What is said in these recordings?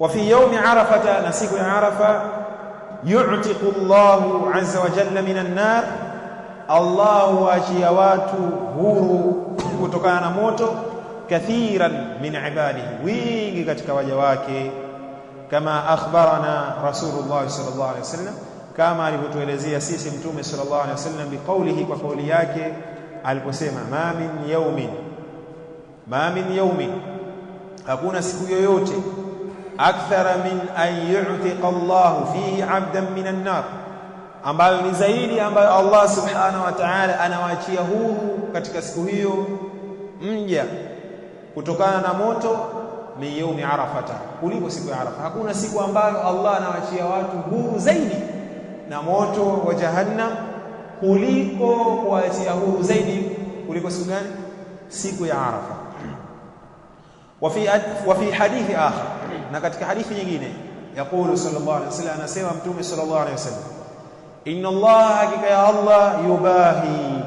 wa fi yawmi arafata, na siku ya Arafa, yutiqu Allahu azza wa jalla minan nar, Allah huachia watu huru kutokana na moto, kathiran min ibadihi, wingi katika waja wake, kama akhbarana Rasulullah sallallahu alaihi wasallam, kama alivyotuelezea sisi Mtume sallallahu alaihi wasallam, biqaulihi, kwa kauli yake aliposema, ma min yawmin ma min yaumin, hakuna siku yoyote akthara min an yutika Allahu fihi abdan min annar, ambayo ni zaidi ambayo Allah subhanahu wa ta'ala anawaachia huru katika siku hiyo mja kutokana na moto min yaumi arafata, kuliko siku ya Arafa. Hakuna siku ambayo Allah anawaachia watu huru zaidi na moto wa Jahannam kuliko kuachia huru zaidi kuliko siku gani? Siku ya Arafa. Wa fi hadithi akhar na katika hadithi nyingine yaqulu sallallahu alayhi wasallam anasema mtume sallallahu alayhi wasallam inna allaha hakika ya allah yubahi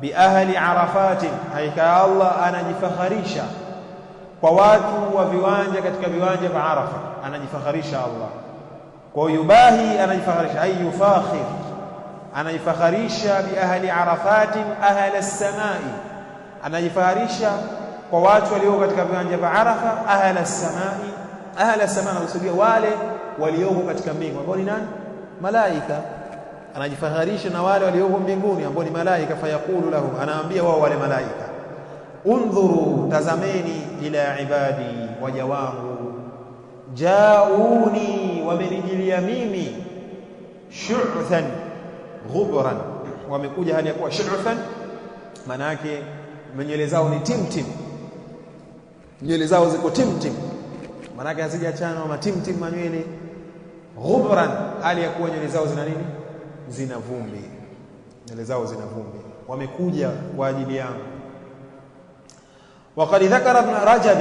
bi ahli arafat hakika ya allah anajifakharisha kwa watu wa viwanja katika viwanja vya arafa anajifakharisha allah kwa yubahi anajifakharisha ay yufakhir anajifakharisha bi ahli arafat ahli as-samai anajifakharisha kwa watu walio katika viwanja vya arafa ahli as-samai ahla samaa anakusudia wale walioko katika mbingu ambao ni nani? Malaika. Anajifaharisha na wale walioko mbinguni ambao ni malaika. Fayaqulu lahu anaambia wao wale malaika, undhuru, tazameni, ila ibadi, waja wangu, jauni, wamenijilia mimi, shuthan ghubran, wamekuja hali ya kuwa shuthan, maana yake nywele zao ni timtim, nywele zao ziko timtim manake hazijachanwa matimtim manywele ghubran, hali ya kuwa nywele zao zina nini? Zina vumbi, nywele zao zina vumbi. Wamekuja kwa ajili yangu. Waqad dhakara Ibn Rajab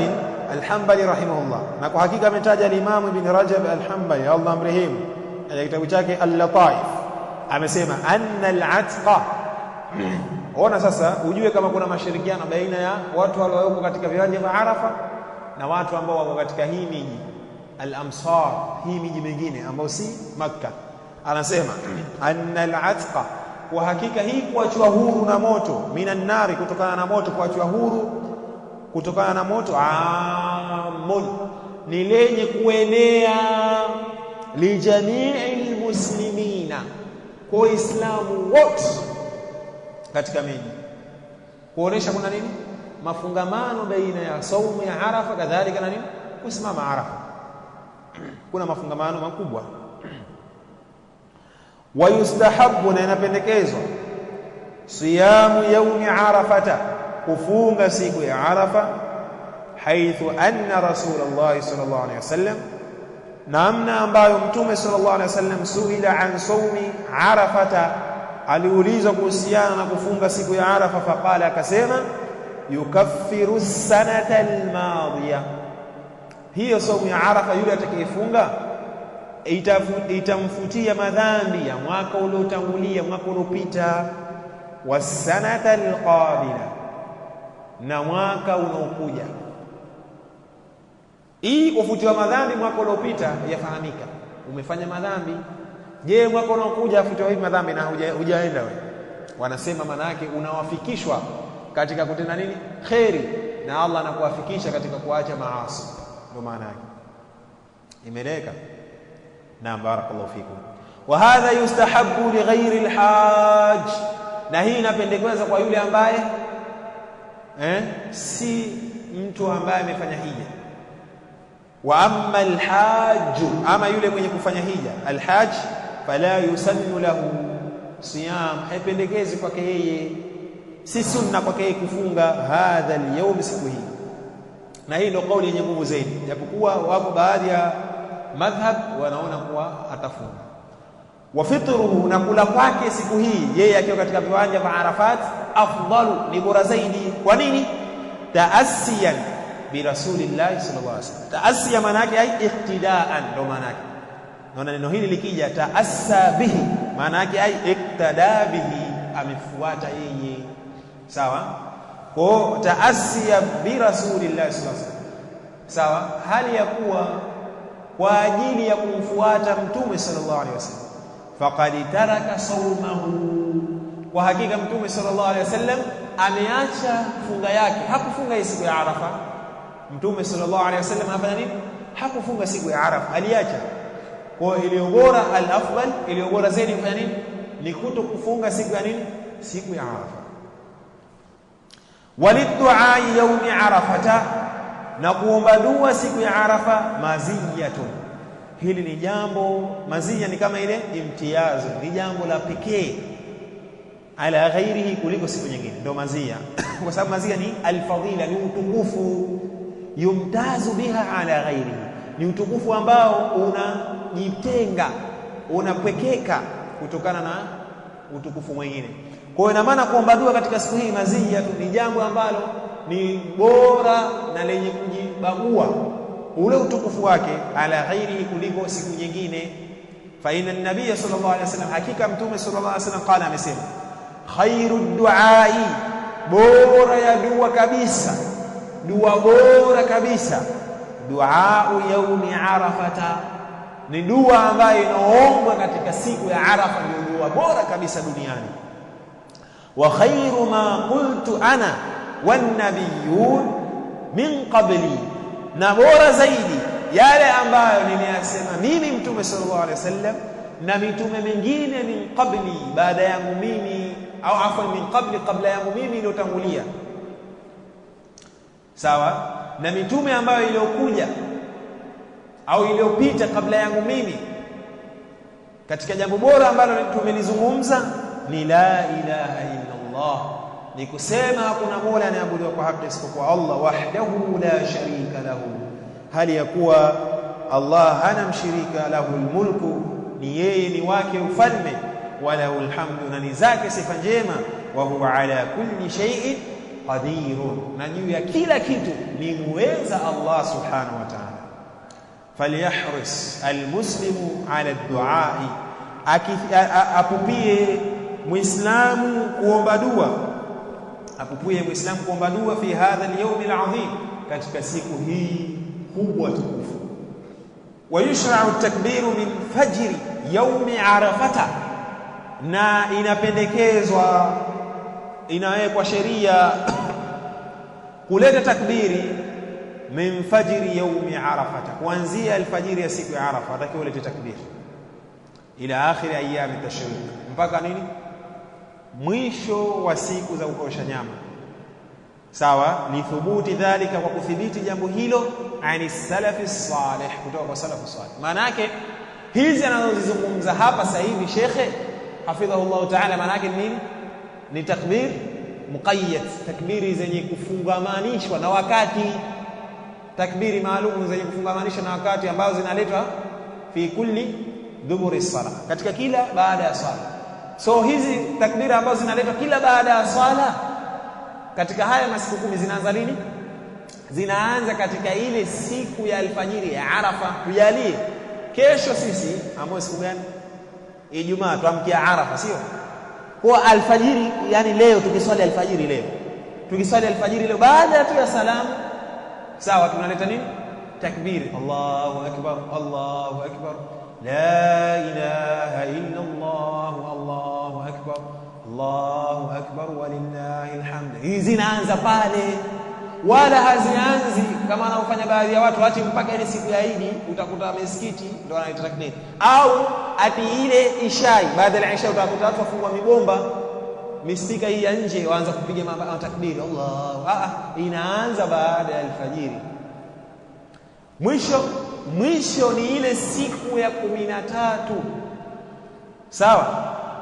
Alhambali rahimahullah, na kwa hakika ametaja Alimamu Ibn Rajab Alhambali Allah mrehemu, katika kitabu chake Allataif amesema anna al-atqa ona sasa, ujue kama kuna mashirikiano baina ya watu walioko katika viwanja vya Arafa na watu ambao wako katika hii miji al-amsar, hii miji mingine ambayo si Makka. Anasema anna al-atqa, wa hakika hii kuachwa huru na moto, minan nari, kutokana na moto, kuachiwa huru kutokana na moto, amul ni lenye kuenea lijamii lmuslimina, kwa Waislamu wote katika miji, kuonesha kuna nini mafungamano baina ya saumu ya Arafa kadhalika na nini kusimama Arafa, kuna mafungamano makubwa. wa yustahabu na inapendekezwa siyamu yaumi arafata, kufunga siku ya Arafa, haithu anna Rasulullah sallallahu alaihi wasallam namna ambayo Mtume sallallahu alaihi wasallam suila an saumi arafata, aliulizwa kuhusiana na kufunga siku ya Arafa, faqala akasema yukaffiru sanata almadhiya, hiyo somu ya Arafa yule atakayefunga itamfutia madhambi ya mwaka uliotangulia, mwaka uliopita, wa sanata alqabila, na mwaka unaokuja. Hii kufutiwa madhambi mwaka uliopita yafahamika, umefanya madhambi. Je, mwaka unaokuja afutiwa hivi madhambi na hujaenda wewe? Wanasema maana yake unawafikishwa katika kutenda nini kheri, na Allah anakuafikisha katika kuacha maasi. Ndio maana yake, imeleka. na barakallahu fikum. Wa hadha yustahabu li ghairi na hii inapendekeza kwa yule ambaye eh, si mtu ambaye amefanya hija wa amma alhaj ama yule mwenye kufanya hija alhaj, fala yusannu lahu siyam, haipendekezi kwake yeye si sunna kwake kufunga hadha lyaumi, siku hii. Na hii ndio kauli yenye nguvu zaidi, japokuwa wapo baadhi ya madhhab wanaona kuwa atafunga. Wa fitruhu, na kula kwake siku hii, yeye akiwa katika viwanja vya Arafat, afdalu, ni bora zaidi. Kwa nini? bi birasulillahi sallallahu alaihi wasallam. Taasiya maana yake ai iktidaan, ndo maana yake. Naona neno hili likija taassa bihi, maana yake ai iktada bihi, amefuata yeye sawa ko taasiya bi rasulillahi sallallahu alaihi wasallam sawa hali ya kuwa kwa ajili ya kumfuata mtume sallallahu alaihi wasallam faqad taraka saumahu kwa hakika mtume sallallahu alaihi wasallam ameacha funga yake hakufunga hii siku ya arafa mtume sallallahu alaihi wasallam afanya nini hakufunga siku ya arafa aliacha kwa iliyo bora al afdal iliyo bora zaidi kufanya nini ni kuto kufunga siku ya nini siku ya arafa walidua yaumi arafata, na kuomba dua siku ya Arafa maziyatun. Hili ni jambo maziya, ni kama ile imtiazo ni jambo la pekee ala ghairihi, kuliko siku nyingine, ndo mazia kwa sababu mazia ni alfadhila, ni utukufu. Yumtazu biha ala ghairihi, ni utukufu ambao unajitenga, unapwekeka kutokana na utukufu mwingine. Kwa hiyo ina maana kuomba dua katika siku hii mazia tu ni jambo ambalo ni bora na lenye kujibagua ule utukufu wake ala ghairihi kuliko siku nyingine. Fa inna nabiyya sallallahu alaihi wasallam, hakika mtume sallallahu alaihi wasallam qala, amesema khairu duai, bora ya dua kabisa, dua bora kabisa, duau yaumi arafata, ni dua ambayo inaombwa katika siku ya Arafa, ni dua bora kabisa duniani wa khairu ma qultu ana wan nabiyun min qabli, na bora zaidi yale ambayo nimeyasema mimi mtume sallallahu alaihi wasallam na mitume mingine min qabli, baada yangu mimi au afwan, min qabli, kabla yangu mimi iliyotangulia, sawa na mitume ambayo iliyokuja au iliyopita kabla yangu mimi, katika jambo bora ambalo tumelizungumza ni la ilaha illa Allah, ni kusema hakuna mola anayeabudiwa kwa haki isipokuwa Allah wahdahu la sharika lahu, hali ya kuwa Allah hana mshirika. Lahu almulku ni yeye ni wake ufalme, wala alhamdu na ni zake sifa njema. Wa huwa ala kulli shay'in qadir na juu ya kila kitu ni muweza Allah subhanahu wa ta'ala. Falyahris almuslimu ala duai, apupie muislamu kuomba dua akupuye muislamu kuomba dua fi hadha al-yawm al-azim katika siku hii kubwa tukufu wayushra'u takbiru min fajri yaumi arafata na inapendekezwa inawekwa sheria kuleta takbiri min fajri yaumi arafata kuanzia alfajiri ya siku ya arafa atakiwa ulete takbiri ila akhiri ayami tashriq mpaka nini mwisho wa siku za kukausha nyama. Sawa, ni thubuti dhalika, kwa kudhibiti jambo hilo, ani salafi salih, kutoka kwa salafu salih. Maana yake hizi anazozizungumza hapa sasa hivi shekhe hafidhahullahu taala, maana yake nini? Ni takbir muqayyad, takbiri zenye kufungamanishwa na wakati, takbiri maalum zenye kufungamanishwa na wakati ambazo zinaletwa fi kulli dhuburi salah katika kila baada ya sala So hizi takbira ambazo zinaletwa kila baada ya swala katika haya masiku kumi zinaanza lini? Zinaanza katika ile siku ya alfajiri ya Arafa. Tujalie kesho sisi, ambayo siku gani? Ijumaa, tuamkia Arafa, sio kwa alfajiri. Yani leo tukiswali alfajiri, leo tukiswali alfajiri leo, baada tu ya salamu sawa, tunaleta nini? Takbiri, Allahu akbar, Allahu akbar la zinaanza pale, wala hazianzi kama wanaofanya baadhi ya watu, ati mpaka ile siku ya Idi utakuta misikiti ndio wanaita takbir, au ati ile ishai, baada ya isha utakuta watu wafungua mibomba misika hii ya nje waanza kupiga matakbiri Allahu. Ah, ah, inaanza baada ya alfajiri. Mwisho mwisho ni ile siku ya kumi na tatu, sawa?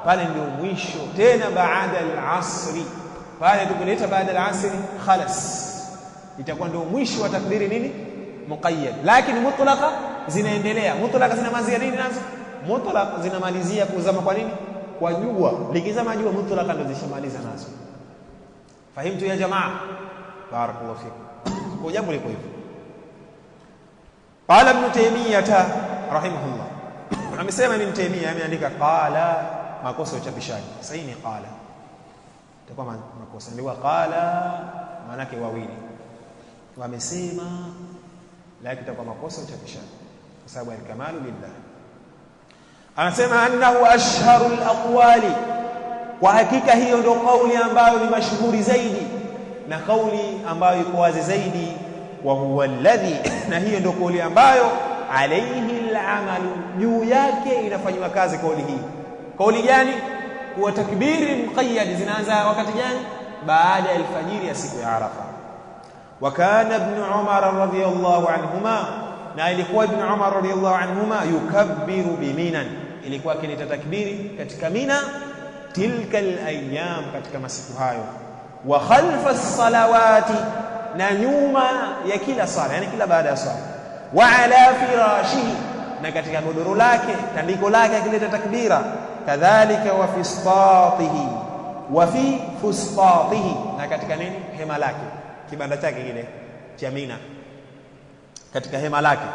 Pale ndio mwisho tena baada al asri baada ya kuleta baada ya asr khalas itakuwa ndio mwisho wa takdiri nini muqayyad lakini mutlaqa zinaendelea mutlaqa zinamalizia nini nazo mutlaqa zinamalizia kuzama kwa nini kwa jua likizama jua mutlaqa ndio zishamaliza nazo fahimtu ya jamaa barakallahu fikum kwa jambo liko hivyo qala ibn taymiyah rahimahullah amesema ibn taymiyah ameandika qala makosa ya uchapishaji sahihi ni qala itakuwa makosa. Ndio qala maana yake wawili wamesema, lakini itakuwa makosa uchapishaji, kwa sababu alkamalu lillah. Anasema annahu ashharu alaqwali, kwa hakika hiyo ndio kauli ambayo ni mashuhuri zaidi na kauli ambayo iko wazi zaidi. Wa huwa alladhi, na hiyo ndio kauli ambayo alaihi alamalu, juu yake inafanywa kazi kauli hii. Kauli gani? huwa takbiri muqayyad zinaanza wakati gani baada ya alfajiri ya siku ya arafa wa kana ibn umar radhiyallahu anhuma na ilikuwa ibn umar radhiyallahu anhuma yukabbiru biminan ilikuwa akinita takbiri katika mina tilka alayam katika masiku hayo wa khalfa salawati na nyuma ya kila sala yani kila baada ya sala wa ala firashihi na katika godoro lake tandiko lake akileta takbira kadhalika wa fi wa fi fustatihi, na katika nini hema lake kibanda chake kile cha Mina, katika hema lake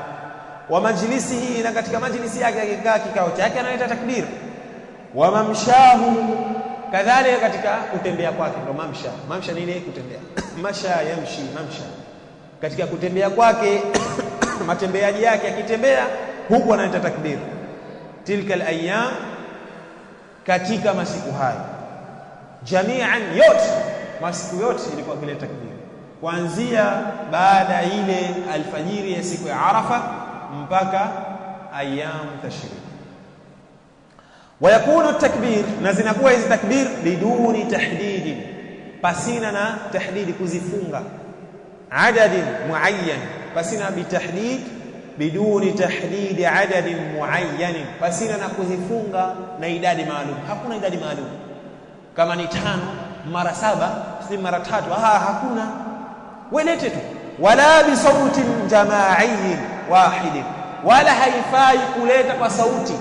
wa majlisihi, na katika majlisi yake akikaa kikao chake analeta takbir. Wa mamshahu, kadhalika katika kutembea kwake, ndo mamsha. Mamsha nini? Kutembea masha yamshi mamsha, katika kutembea kwake matembeaji yake akitembea huku analeta takbir. tilka alayam katika masiku hayo jamian, yote masiku yote ilikuwa kile takbiri, kuanzia baada ya ile alfajiri ya siku ya Arafa mpaka ayam tashrik. Wayakunu takbir, na zinakuwa hizi takbir biduni tahdidi, pasina na tahdidi, kuzifunga adadin muayyan, pasina bitahdid biduni tahdidi adadin muayyan pasina na kuzifunga na idadi maalum. Hakuna idadi maalum, kama ni tano mara saba si mara tatu, ah hakuna welete tu. Wala bisautin jamaiyin wahidin, wala haifai kuleta kwa sauti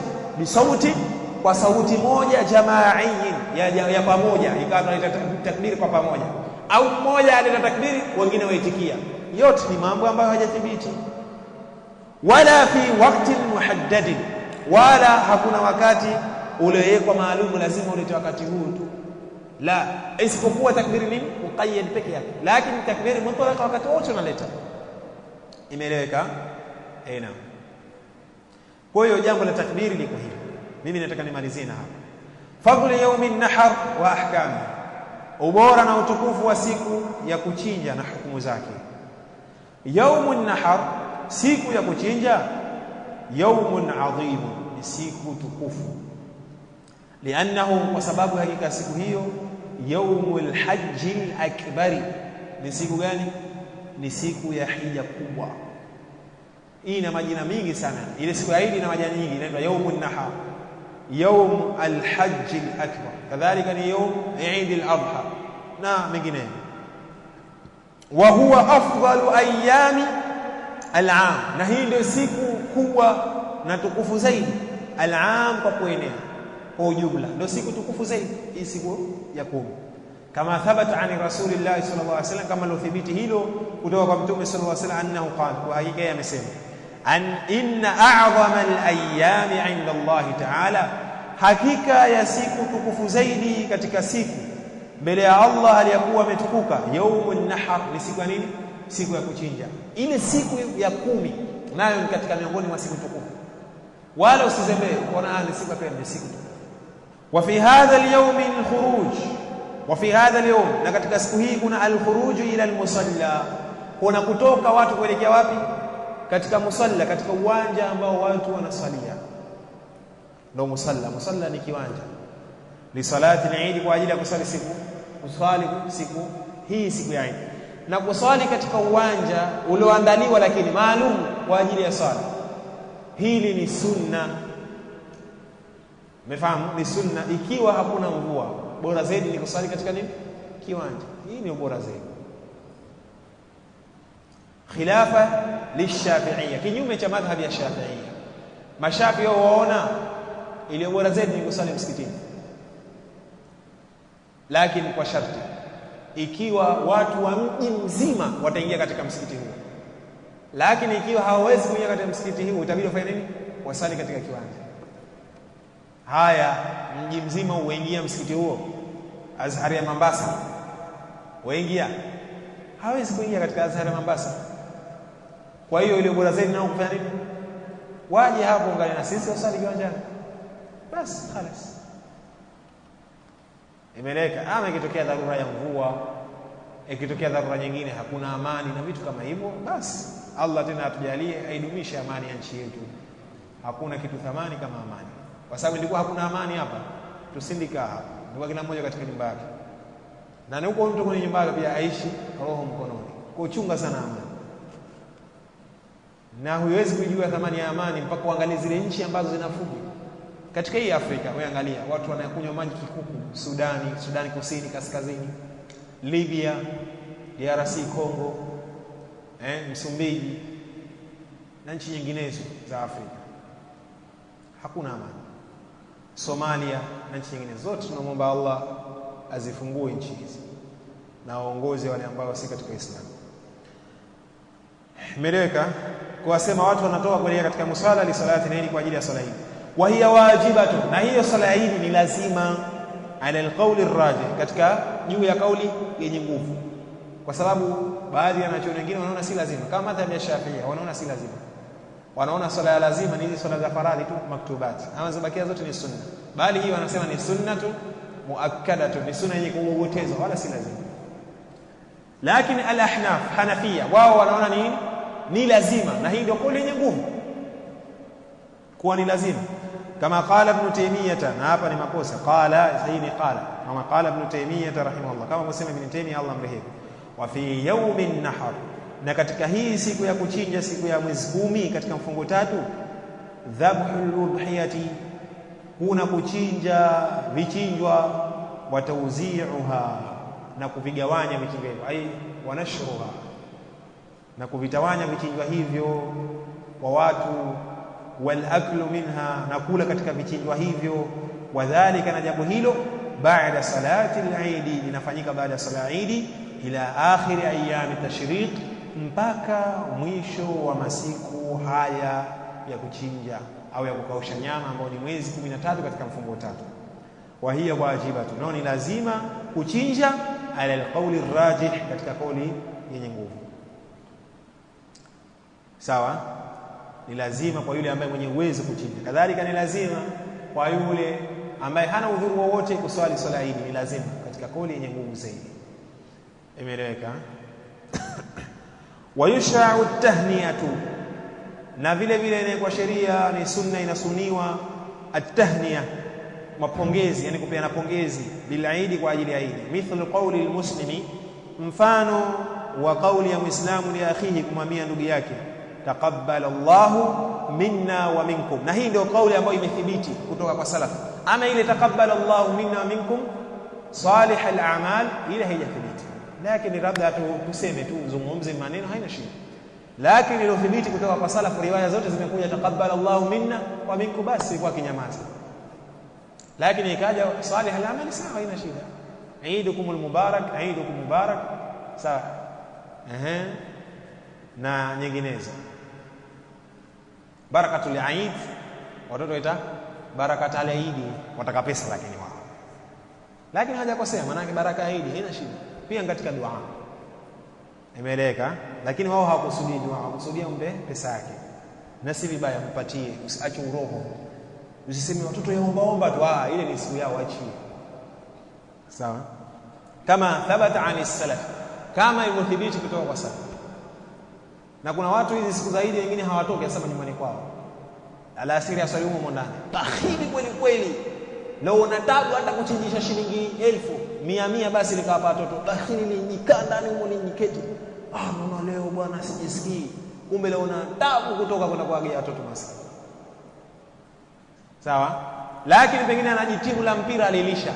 sauti kwa sauti moja jamaiyin ya, ya, ya pamoja, ikawa tunaita takbiri kwa pamoja, au mmoja aleta takbiri wengine waitikia. Yote ni mambo ambayo hayajathibiti wala fi waqtin muhaddadin, wala hakuna wakati uliowekwa maalumu lazima ulete wakati huu tu, la isipokuwa takbiri ni muqayyad peke yake, lakini takbiri mutlaq wakati wote unaleta. Imeeleweka? Eh, naam. Kwa hiyo jambo la takbiri liko hili. Mimi nataka nimalizie na hapa. Fadhlu yaumi nahar wa ahkami, ubora na utukufu wa siku ya kuchinja na hukumu zake. Yaumu nahar siku ya kuchinja yaumun adhim ni siku tukufu lianahu kwa sababu hakika siku hiyo yaumul hajji akbari ni siku gani ni siku ya hija kubwa hii ina majina mingi sana ile siku ya hija ina majina nyingi inaitwa yaumun naha يوم الحج الأكبر كذلك يوم عيد الأضحى نعم مجنين وهو أفضل أيام al-aam, na hii ndio siku kubwa na tukufu zaidi al-aam, kwa kuenea kwa ujumla, ndio siku tukufu zaidi hii siku ya kumi, kama thabata ani rasulillahi sallallahu alaihi wasallam, kama lilothibiti hilo kutoka kwa mtume sallallahu alaihi wasallam, annahu qala, kwa hakika yeye amesema an inna a'dhama al-ayyami 'inda Allahi ta'ala, hakika ya siku tukufu zaidi katika siku mbele ya Allah aliyakuwa ametukuka, yaumun nahar, ni siku ya nini? siku ya kuchinja. Ile siku ya kumi nayo ni katika miongoni mwa siku tukufu, wala usizembee kuona ni siku pia ni siku wa fi hadha al-yawm al-khuruj, wa fi hadha al-yawm, na katika siku hii kuna al-khuruj ila al-musalla, kuna kutoka watu kuelekea wapi? Katika musalla, katika uwanja ambao watu wanasalia, ndio musalla. Musalla ni kiwanja li salati al-eid, kwa ajili ya kusali siku usali siku hii siku ya Eid na kuswali katika uwanja ulioandaliwa lakini maalum kwa ajili ya swala. Hili ni sunna, umefahamu? Ni sunna ikiwa hakuna mvua, bora zaidi ni kuswali katika nini? Kiwanja. Hii ni bora zaidi, khilafa lishafiia, kinyume cha madhhabi ya Shafiia. Mashafi wao waona iliyo bora zaidi ni kuswali msikitini, lakini kwa sharti ikiwa watu wa mji mzima wataingia katika msikiti huo, lakini ikiwa hawawezi kuingia katika msikiti huu itabidi wafanye nini? Wasali katika kiwanja. Haya, mji mzima uingia msikiti huo, Azhari ya mambasa waingia, hawezi kuingia katika Azhari ya mambasa Kwa hiyo ile bora zaidi nao kufanya nini? Waje hapo ungane na sisi, wasali kiwanjani, basi khalas imeleka Ama ah, ikitokea dharura ya mvua, ikitokea dharura nyingine, hakuna amani na vitu kama hivyo, basi Allah tena atujalie aidumishe amani ya nchi yetu. Hakuna kitu thamani kama amani, kwa sababu ilikuwa hakuna amani hapa, tusindika hapa, ilikuwa kila mmoja katika nyumba yake, na huko mtu kwenye nyumba yake pia aishi roho mkononi, kwa uchunga sana amani na huwezi kujua thamani ya amani mpaka uangalie zile nchi ambazo zinafuga katika hii Afrika. Wewe angalia watu wanakunywa maji kikuku, Sudani, Sudani Kusini, kaskazini, Libya, DRC Congo, eh, Msumbiji na nchi nyinginezo za Afrika, hakuna amani. Somalia na nchi nyingine zote, tunamwomba Allah azifungue nchi hizi na waongoze wale ambao si katika Islam. Imeeleweka kuwasema watu wanatoka kuelekea katika musala li salati na kwa ajili ya sala hii wa hiya wajibatu, na hiyo sala ya Eid ni lazima, ala alqawli arrajih katika juu ya kauli yenye nguvu, kwa sababu baadhi ya wanachuoni wengine wanaona si lazima, kama madhhabi ya Shafi'i wanaona si lazima, wanaona swala ya lazima ni hizi swala za faradhi tu maktubati, ama zibakia zote ni sunna, bali hii wanasema ni sunnatu muakkadatu, ni sunna yenye kuogotezwa, wala si lazima. Lakini al-Ahnaf Hanafia wao wanaona ni ni lazima, na hii ndio kauli yenye nguvu kuwa ni lazima kama qala ibn taymiyah na hapa ni makosa qala hii ni qala kama qala ibn taymiyah rahimahullah kama msema ibn taymiyah Allah mrehemu wa fi yawmin nahar na katika hii siku ya kuchinja siku ya mwezi kumi katika mfungo tatu dhabhu ludhiyati kuna kuchinja vichinjwa watauziuha na kuvigawanya vichinjwa hivyo ai wanashruha na kuvitawanya vichinjwa hivyo kwa watu wal minha, na kula katika vichinjwa hivyo. Wadhalika, na jambo hilo baada salati al-Eid, linafanyika baada salati sala Eid, ila akhiri ayami tashriq, mpaka mwisho wa masiku haya ya kuchinja au ya kukausha nyama, ambao ni mwezi 13 katika mfungo tatu. Wa hiya wajibatu, nao ni lazima kuchinja, ala alqauli rajih, katika kauli yenye nguvu. Sawa ni lazima kwa yule ambaye mwenye uwezo kuchinja. Kadhalika ni lazima kwa yule ambaye hana udhuru wowote kuswali swala hili, ni lazima katika kauli yenye nguvu zaidi. Imeeleweka? wayushau tahniatu, na vile vile kwa sheria ni sunna, inasuniwa atahnia, mapongezi, yani kupeana pongezi bilaidi, kwa ajili ya Idi. Mithlu qauli lilmuslimi, mfano wa kauli ya mwislamu li akhihi, kumwambia ndugu yake taqabbal Allahu minna wa minkum, na hii ndio kauli ambayo imethibiti kutoka kwa salaf. Ama ile taqabbal Allahu minna wa minkum salih al-a'mal, ile haijathibiti, lakini labda tuseme tu, zungumze maneno, haina shida. Lakini iliothibiti kutoka kwa salaf, riwaya zote zimekuja taqabbal Allahu minna wa minkum, basi kwa kinyamaza. Lakini ikaja salih al-a'mal, sawa, haina shida. Eidukum al-mubarak, eidukum mubarak, sawa, ehe na nyinginezo barakatul aid, watoto waita baraka aid wataka pesa lakini wao, lakini maana ni baraka aid haina shida pia katika dua, imeleka Lakini wao hawakusudi dua, hawakusudia mpe pesa yake, na si vibaya, mpatie, usiache uroho, usiseme watoto omba tu. Ah, ile ni siku yao, achie. Sawa, kama thabata anis salaf, kama ilivyothibiti kutoka kwa salaf na kuna watu hizi siku zaidi wengine hawatoki hasa nyumbani kwao alasiri aswali humo ndani bakhili kweli kweli na unatabu hata kuchinjisha shilingi elfu mia mia basi likawapa watoto bakhili lijikaa ndani humo lijiketi ah mama leo bwana sijisikii kumbe leo na tabu kutoka kwenda kuagia watoto maskini sawa lakini pengine anajitibu la mpira alilisha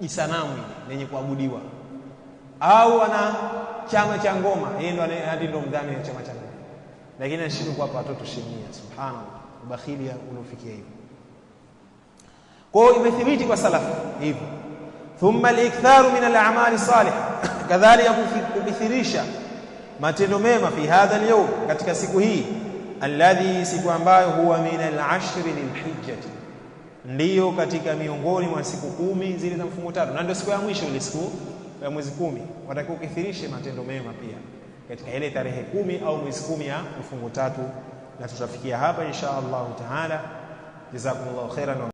jisanamu lenye kuabudiwa au ana chama cha ngoma, yeye ndo hadi ndo mdhamini wa chama cha ngoma, lakini anashindwa kuwapa watoto shemia. Subhanallah, ubakhili unaofikia hivyo. Kwa hiyo imethibiti kwa salafu hivyo. Thumma al-iktharu min al-a'mali salih kadhalika kubithirisha matendo mema. Fi hadha al-yawm, katika siku hii alladhi, siku ambayo huwa min al-ashri lil-hijjah ndiyo katika miongoni mwa siku kumi zile za mfungo tatu, na ndio siku ya mwisho ile siku ya mwezi kumi, watakiwa ukithirishe matendo mema pia katika ile tarehe kumi au mwezi kumi ya mfungo tatu, na tutafikia hapa insha Allahu taala. Jazakumullahu khairan.